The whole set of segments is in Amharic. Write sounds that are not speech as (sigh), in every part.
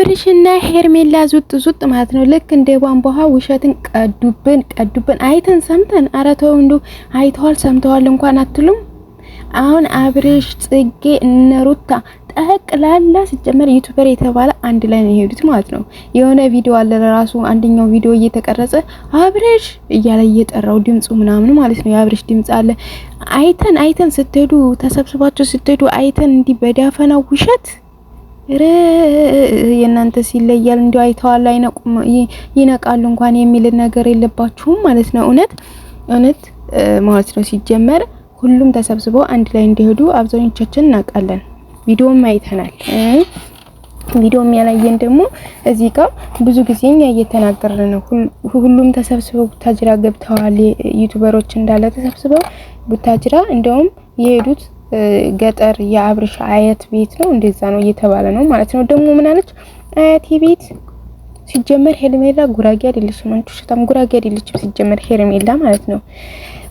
አብርሽና ሄርሜላ ዙጥ ዙጥ ማለት ነው። ልክ እንደ ቧንቧ ውሸትን ቀዱብን ቀዱብን። አይተን ሰምተን አረተው እንዱ አይተዋል ሰምተዋል እንኳን አትሉም። አሁን አብርሽ ጽጌ እነሩታ ጠቅላላ ሲጀመር ዩቱበር የተባለ አንድ ላይ ነው የሄዱት ማለት ነው። የሆነ ቪዲዮ አለ ለራሱ አንደኛው ቪዲዮ እየተቀረጸ አብርሽ እያለ እየጠራው ድምፁ ምናምን ማለት ነው። የአብርሽ ድምፅ አለ። አይተን አይተን ስትሄዱ ተሰብስባችሁ ስትሄዱ አይተን እንዲህ በዳፈናው ውሸት ረ የእናንተ ሲለያል እንዲ አይተዋል አይነቁም ይነቃሉ እንኳን የሚል ነገር የለባችሁም ማለት ነው። እውነት እውነት ማለት ነው። ሲጀመር ሁሉም ተሰብስበው አንድ ላይ እንዲሄዱ አብዛኞቻችን እናውቃለን፣ ቪዲዮም አይተናል። ቪዲዮም ያላየን ደግሞ እዚህ ጋር ብዙ ጊዜ እኛ እየተናገርን ነው። ሁሉም ተሰብስበው ቡታጅራ ገብተዋል ዩቱበሮች እንዳለ ተሰብስበው ቡታጅራ እንደውም የሄዱት ገጠር የአብርሽ አያት ቤት ነው እንደዛ ነው እየተባለ ነው ማለት ነው። ደግሞ ምን አለች አያቴ ቤት ሲጀመር ሄርሜላ ጉራጌ አይደለችም። አንቺ ውሸታም ጉራጌ አይደለችም ሲጀመር ሄርሜላ ማለት ነው።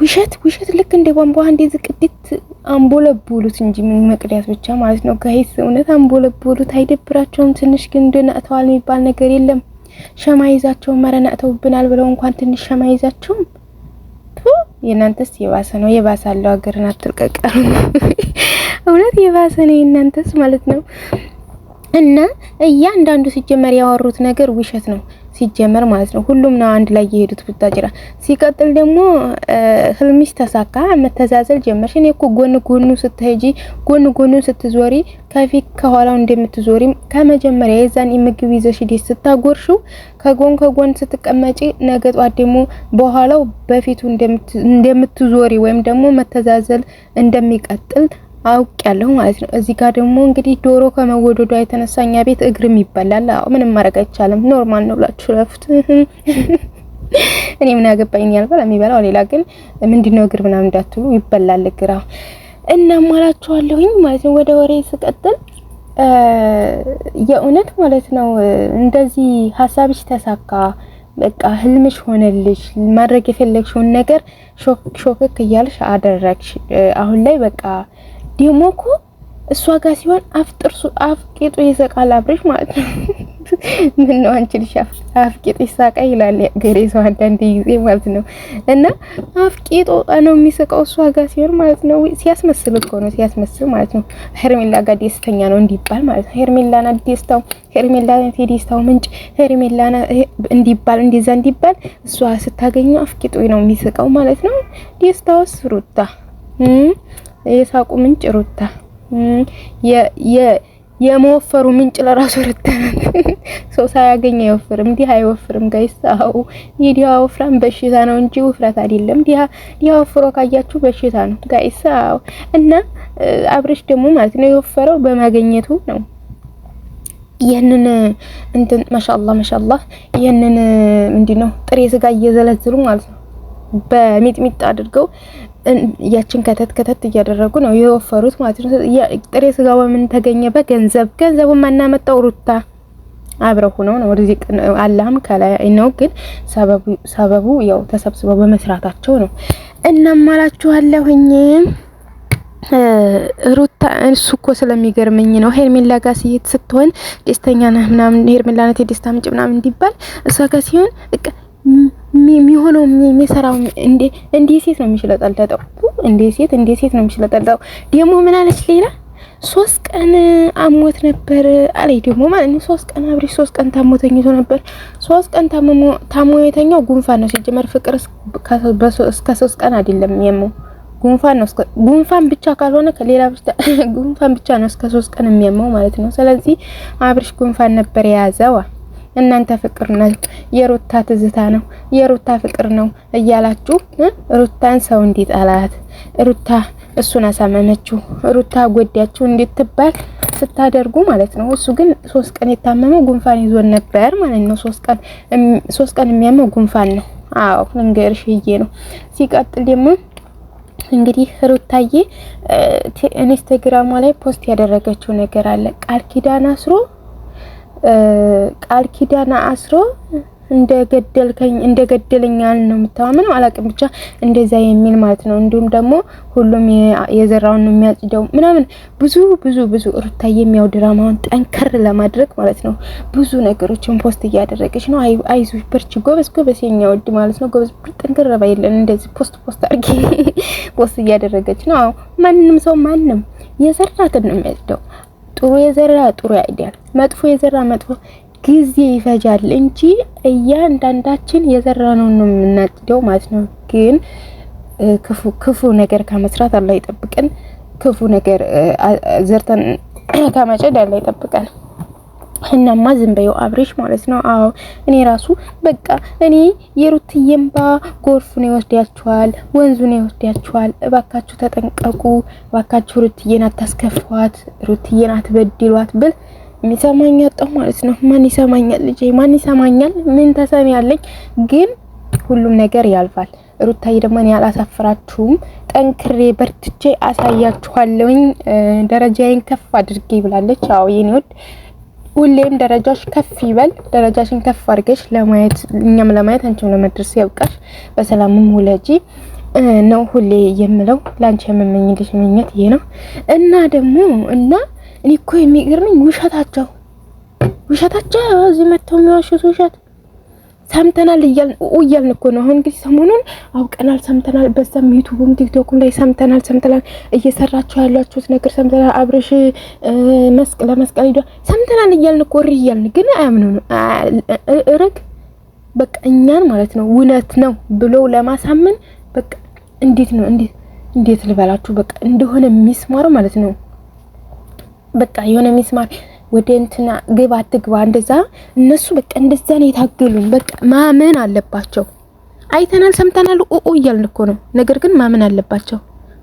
ውሸት ውሸት ልክ እንደ ቧንቧ እንደዚህ ዝቅድት አንቦለቦሉት እንጂ ምን መቅዳት ብቻ ማለት ነው። ጋይስ እውነት አንቦለቦሉት አይደብራቸውም። ትንሽ ግን እንደናጥተዋል የሚባል ነገር የለም። ሸማ ይዛቸውም መረናጥተውብናል ብለው እንኳን ትንሽ ሸማ ይዛቸውም የእናንተስ የባሰ ነው። የባሰ አለው ሀገርን አትልቀቀሩ። (laughs) እውነት የባሰ ነው የእናንተስ ማለት ነው። እና እያንዳንዱ ሲጀመር ያወሩት ነገር ውሸት ነው። ሲጀመር ማለት ነው። ሁሉም ነው አንድ ላይ የሄዱት ቡታጅራ። ሲቀጥል ደግሞ ህልምሽ ተሳካ፣ መተዛዘል ጀመርሽ። እኔ እኮ ጎን ጎኑ ስትሄጂ ጎን ጎኑ ስትዞሪ ከፊት ከኋላው እንደምትዞሪ ከመጀመሪያ የዛን ምግብ ይዘሽ ዲስ ስታጎርሽው ከጎን ከጎን ስትቀመጪ ነገ ጧት ደግሞ በኋላው በፊቱ እንደምትዞሪ ወይም ደግሞ መተዛዘል እንደሚቀጥል አውቅ ያለሁ ማለት ነው። እዚህ ጋር ደግሞ እንግዲህ ዶሮ ከመወደዷ የተነሳ እኛ ቤት እግርም ይበላል። ምንም ማድረግ አይቻልም። ኖርማል ነው ብላችሁ ረፉት። (laughs) እኔ ምን አገባኝ ያልባል የሚበላው ሌላ። ግን ምንድነው እግር ምናምን እንዳትሉ ይበላል እግራ እና ማላችኋለሁኝ ማለት ነው። ወደ ወሬ ስቀጥል የእውነት ማለት ነው እንደዚህ ሀሳብሽ ተሳካ በቃ ህልምሽ ሆነልሽ፣ ማድረግ የፈለግሽውን ነገር ሾክ ሾክክ እያልሽ አደረግሽ። አሁን ላይ በቃ ደግሞ እኮ እሷ ጋር ሲሆን አፍጥርሱ አፍቂጡ ይሰቃል አብሬሽ ማለት ነው። (laughs) ምን ነው አንቺ ልሽ አፍቂጡ ይሳቃ ይላል ገሬ ሰው አንዳንድ ጊዜ ማለት ነው። እና አፍቂጡ ነው የሚሰቃው እሷ ጋር ሲሆን ማለት ነው። ሲያስመስል እኮ ነው ሲያስመስል ማለት ነው። ሄርሜላ ጋር ደስተኛ ነው እንዲባል ማለት ነው። ሄርሜላና ደስታው ሄርሜላ የደስታው ምንጭ ሄርሜላና እንዲባል እንደዛ እንዲባል እሷ ስታገኘው አፍቂጡ ነው የሚሰቃው ማለት ነው። ደስታውስ ሩታ የሳቁ ምንጭ ሩታ የመወፈሩ ምንጭ ለራሱ ሩታ ናት። (laughs) ሰው ሳያገኝ አይወፍርም፣ ዲህ አይወፍርም። ጋይሳው የዲህ ወፍራም በሽታ ነው እንጂ ውፍረት አይደለም። ዲህ ወፍሮ ካያችሁ በሽታ ነው አው እና አብረሽ ደግሞ ማለት ነው የወፈረው በማገኘቱ ነው። ይህንን እንትን ማሻአላ ማሻአላ ይህንን ምንድን ነው ጥሬ ስጋ እየዘለዝሉ ማለት ነው በሚጥሚጥ አድርገው ያችን ከተት ከተት እያደረጉ ነው የወፈሩት ማለት ነው። ጥሬ ስጋው በምን ተገኘ? በገንዘብ ገንዘቡ ማናመጣው ሩታ አብረው ሆነው ነው ሪዚቅ አላህም ከላይ ነው። ግን ሰበቡ ሰበቡ ያው ተሰብስበው በመስራታቸው ነው። እናም አላችኋለሁኝ ሩታ እሱ እኮ ስለሚገርመኝ ነው። ሄርሜላ ጋር ሲሄድ ስትሆን ደስተኛ ነህ ምናምን ሄርሜላ ናት የደስታ ምንጭ ምናምን እንዲባል እሷ ጋር ሲሆን የሚሆነው የሚሰራው እንዴ እንዴ ሴት ነው የሚሽለጠለጠው። እንዴ ሴት እንዴ ሴት ነው የሚሽለጠለጠው። ደግሞ ምን አለች ሌላ ሶስት ቀን አሞት ነበር አለኝ። ደግሞ ማለት ነው ሶስት ቀን አብሪ ሶስት ቀን ታሞ ተኝቶ ነበር። ሶስት ቀን ታሞ የተኛው ጉንፋን ነው ሲጀመር። ፍቅር እስከ ሶስት ቀን አይደለም የሞ ጉንፋን ነው። ጉንፋን ብቻ ካልሆነ ከሌላ በሽታ (laughs) ጉንፋን ብቻ ነው እስከ ሶስት ቀን የሚያመው ማለት ነው። ስለዚህ አብርሽ ጉንፋን ነበር የያዘዋ እናንተ ፍቅር ነው የሩታ ትዝታ ነው የሩታ ፍቅር ነው እያላችሁ ሩታን ሰው እንዲጠላት ሩታ እሱን አሳመመችው ሩታ ጎዳችሁ እንድትባል ስታደርጉ ማለት ነው። እሱ ግን ሶስት ቀን የታመመ ጉንፋን ይዞን ነበር ማለት ነው። ሶስት ቀን ሶስት ቀን የሚያመው ጉንፋን ነው። አዎ ልንገርሽ ነው። ሲቀጥል ደግሞ እንግዲህ ሩታዬ ኢንስታግራሟ ላይ ፖስት ያደረገችው ነገር አለ ቃል ኪዳን አስሮ ቃል ኪዳን አስሮ እንደገደልከኝ እንደገደለኛል ነው የምታምነው። አላቅም ብቻ እንደዛ የሚል ማለት ነው። እንዲሁም ደግሞ ሁሉም የዘራውን ነው የሚያጭደው ምናምን ብዙ ብዙ ብዙ ሩታዬ የሚያው ድራማውን ጠንከር ለማድረግ ማለት ነው ብዙ ነገሮችን ፖስት እያደረገች ነው። አይዞ በርቺ፣ ጎበዝ ጎበዝ፣ የኛ ወድ ማለት ነው ጎበዝ። ጠንከር ባይለን እንደዚህ ፖስት ፖስት አድርጌ (laughs) ፖስት እያደረገች ነው። ማንም ሰው ማንም የዘራትን ነው የሚያጭደው ጥሩ የዘራ ጥሩ ያድያል፣ መጥፎ የዘራ መጥፎ ጊዜ ይፈጃል እንጂ እያንዳንዳችን የዘራነውን ነው የምናጭደው ማለት ነው። ግን ክፉ ክፉ ነገር ከመስራት አላህ ይጠብቀን። ክፉ ነገር ዘርተን ከማጨድ አላህ ይጠብቀን። እናማ ዝም በይው አብሬሽ ማለት ነው። አዎ እኔ ራሱ በቃ እኔ የሩትዬ እምባ ጎርፉን ይወስዳችኋል፣ ወንዙን ይወስዳችኋል። እባካችሁ ተጠንቀቁ፣ እባካችሁ ሩትዬን አታስከፏት፣ ሩትዬን አትበድሏት ብል የሚሰማኝ አጣሁ ማለት ነው። ማን ይሰማኛል ልጄ? ማን ይሰማኛል? ምን ተሰሚያለኝ? ግን ሁሉም ነገር ያልፋል። ሩታዬ ደግሞ እኔ አላሳፍራችሁም፣ ጠንክሬ በርትቼ አሳያችኋለሁኝ፣ ደረጃዬን ከፍ አድርጌ ብላለች። አዎ የኔ ወድ ሁሌም ደረጃሽ ከፍ ይበል። ደረጃሽን ከፍ አድርገሽ ለማየት እኛም ለማየት አንቺም ለመድረስ ያብቃሽ። በሰላምም ውለጂ ነው ሁሌ የምለው። ላንቺ የምመኝልሽ ምኞት ይሄ ነው እና ደግሞ እና እኔ እኮ የሚገርመኝ ውሸታቸው ውሸታቸው እዚህ መጥተው የሚዋሹት ውሸት ሰምተናል እያልን እኮ ነው። አሁን እንግዲህ ሰሞኑን አውቀናል፣ ሰምተናል። በዛም ዩቱብም ቲክቶኩም ላይ ሰምተናል ሰምተናል። እየሰራችሁ ያላችሁት ነገር ሰምተናል። አብርሽ መስቅ ለመስቀል ሂዷ ሰምተናል እያልን እኮ እሪ እያልን ግን አያምኑ እርግ በቃ እኛን ማለት ነው እውነት ነው ብሎ ለማሳመን በቃ እንዴት ነው እንዴት እንዴት ልበላችሁ በቃ እንደሆነ የሚስማሩ ማለት ነው በቃ የሆነ የሚስማር ወደ እንትና ግባ አትግባ እንደዛ እነሱ በቃ እንደዛ ነው የታገሉን። በቃ ማመን አለባቸው። አይተናል፣ ሰምተናል፣ ኦኦ እያልን እኮ ነው። ነገር ግን ማመን አለባቸው።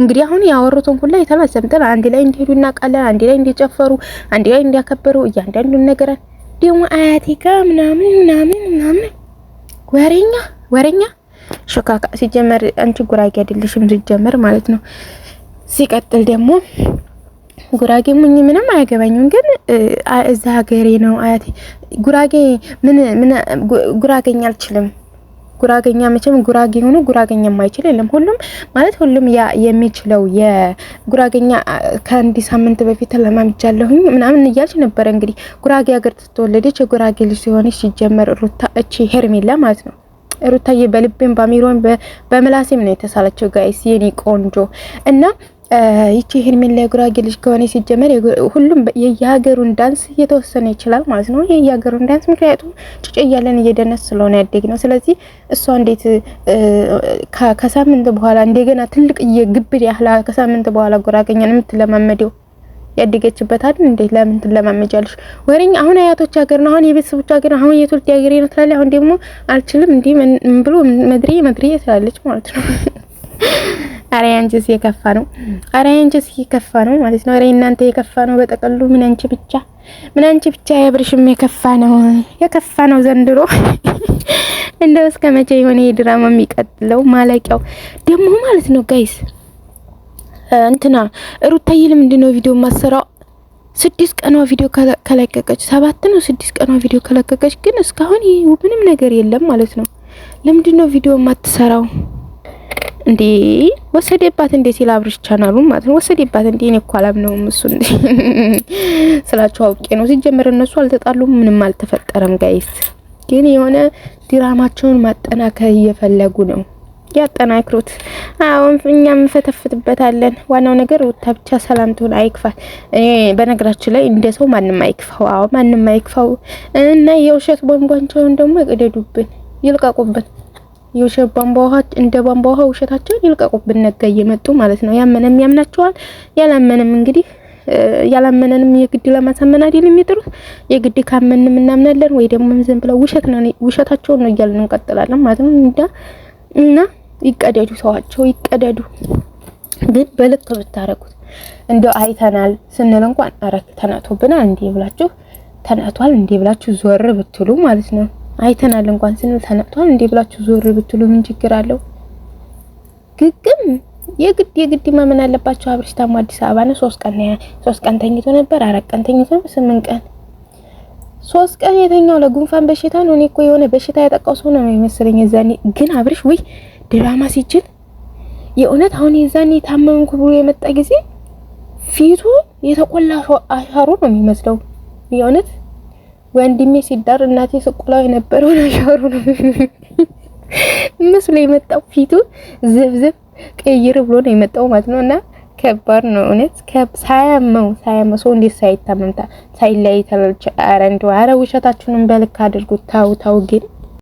እንግዲህ አሁን ያወሩትን ሁላ አይተናል፣ ሰምተናል። አንድ ላይ እንዲሄዱ እናውቃለን። አንድ ላይ እንዲጨፈሩ፣ አንድ ላይ እንዲያከበሩ እያንዳንዱን ነገር ደግሞ አያቴ ጋር ምናምን ምናምን ምናምን ወሬኛ ወሬኛ ሾካካ። ሲጀመር አንቺ ጉራጌ አይደለሽም ሲጀመር ማለት ነው። ሲቀጥል ደግሞ ጉራጌ ሙኝ ምንም አያገባኝም፣ ግን እዛ ሀገሬ ነው አያቴ። ጉራጌ ምን ምን ጉራጌኛ አልችልም። ጉራገኛ መቼም ጉራጌ ሆኖ ጉራገኛ ማይችል የለም። ሁሉም ማለት ሁሉም ያ የሚችለው የጉራገኛ ከአንድ ሳምንት በፊት ተለማምጃለሁኝ ምናምን እያልች ነበረ። እንግዲህ ጉራጌ ሀገር ተወለደች የጉራጌ ልጅ ሲሆነች ሲጀመር ሩታ እቺ ሄርሜላ ማለት ነው። ሩታዬ በልቤም በአሚሮን በምላሴም ነው የተሳለችው። ጋይስ የኔ ቆንጆ እና ይቺ ሄርሜላ የጉራጌ ልጅ ከሆነ ሲጀመር ሁሉም የየሀገሩን ዳንስ እየተወሰነ ይችላል ማለት ነው። የየሀገሩን ዳንስ ምክንያቱም ጭጭ እያለን እየደነስ ስለሆነ ያደግ ነው። ስለዚህ እሷ እንዴት ከሳምንት በኋላ እንደገና ትልቅ የግብድ ያህል ከሳምንት በኋላ ጉራገኛን የምትለማመደው ያደገችበት አይደል እንዴ? ለምን ትለማመጃለሽ? ወሬኛ አሁን አያቶች ሀገር ነው፣ አሁን የቤተሰቦች ሀገር ነው፣ አሁን የትውልድ ሀገር ነው ትላለች። አሁን ደግሞ አልችልም እንዲህ ብሎ መድሬ መድሬ ትላለች ማለት ነው። (laughs) አረ ያንቺስ የከፋ ነው። አረ የከፋ ነው ማለት ነው። አረ እናንተ የከፋ ነው በጠቀሉ ምን አንቺ ብቻ ምን አንቺ ብቻ የብርሽም የከፋ ነው የከፋ ነው ዘንድሮ። (laughs) እንደው እስከ መቼ የሆነ ድራማ የሚቀጥለው ማለቂያው ደግሞ ማለት ነው። ጋይስ እንትና ሩታዬ ለምንድን ነው ቪዲዮ ማሰራው? ስድስት ቀኗ ቪዲዮ ከለቀቀች ሰባት ነው ስድስት ቀኗ ቪዲዮ ከለቀቀች ግን እስካሁን ምንም ነገር የለም ማለት ነው። ለምንድነው ቪዲዮ ማትሰራው? እንዴ ወሰደባት እንዴ ሲል አብርሽ ቻናሉን ማለት ነው ወሰደባት እንዴ እኔ እኮ አላምነውም እሱ እንዴ (laughs) ስላችሁ አውቄ ነው ሲጀመር እነሱ አልተጣሉም ምንም አልተፈጠረም ጋይስ ግን የሆነ ድራማቸውን ማጠናከር እየፈለጉ ነው ያጠናክሩት አሁን እኛም እንፈተፍትበታለን ዋናው ነገር ወታ ብቻ ሰላም ትሆን አይክፋት በነገራችን ላይ እንደ ሰው ማንም አይክፋው አዎ ማንም አይክፋው እና የውሸት ቧንቧቸውን ደግሞ ይቅደዱብን ይልቀቁብን የውሸት ቧንቧ ውሃ እንደ ቧንቧ ውሃ ውሸታቸውን ይልቀቁብን። ነገ እየመጡ ማለት ነው። ያመነም ያምናቸዋል፣ ያላመነም እንግዲህ ያላመነንም የግድ ለማሳመን አይደል የሚጥሩት። የግድ ካመንም እናምናለን ወይ ደግሞ ዝም ብለው ውሸት ነው ውሸታቸውን ነው እያልን እንቀጥላለን ማለት ነው። እንዳ እና ይቀደዱ፣ ሰዋቸው ይቀደዱ። ግን በልክ ብታረጉት እንደው አይተናል ስንል እንኳን አረክ ተናቶብናል እንዲህ ብላችሁ ተናቷል እንዲህ ብላችሁ ዞር ብትሉ ማለት ነው አይተናል እንኳን ስንል ተነቅቷል እንዴ ብላችሁ ዞር ብትሉ ምን ችግር አለው? ግግም የግድ የግድ ማመን አለባቸው። አብርሽ ታሞ አዲስ አበባ ነው። ሶስት ቀን ሶስት ቀን ተኝቶ ነበር፣ አራት ቀን ተኝቶ ነበር፣ ስምንት ቀን ሶስት ቀን የተኛው ለጉንፋን በሽታ ነው። እኔ እኮ የሆነ በሽታ ያጠቃው ሰው ነው የሚመስለኝ እዛኔ ግን አብርሽ ወይ ድራማ ሲችል የእውነት አሁን የዛኔ ታመምኩ ብሎ የመጣ ጊዜ ፊቱ የተቆላ አሻሮ ነው የሚመስለው የእውነት ወንድሜ ሲዳር እናቴ ስቆላው የነበረው አሻሮ ነው ምስሉ የመጣው ፊቱ ዝብዝብ ቀይር ብሎ ነው የመጣው ማለት ነው። እና ከባድ ነው እውነት ሳያመው ሳያመው ሰው እንዴት ሳይታመምታ ሳይለያይ ተላልቻ አረንዶ እንደው ኧረ ውሸታችሁንም በልክ አድርጉት። ታው ታው ግን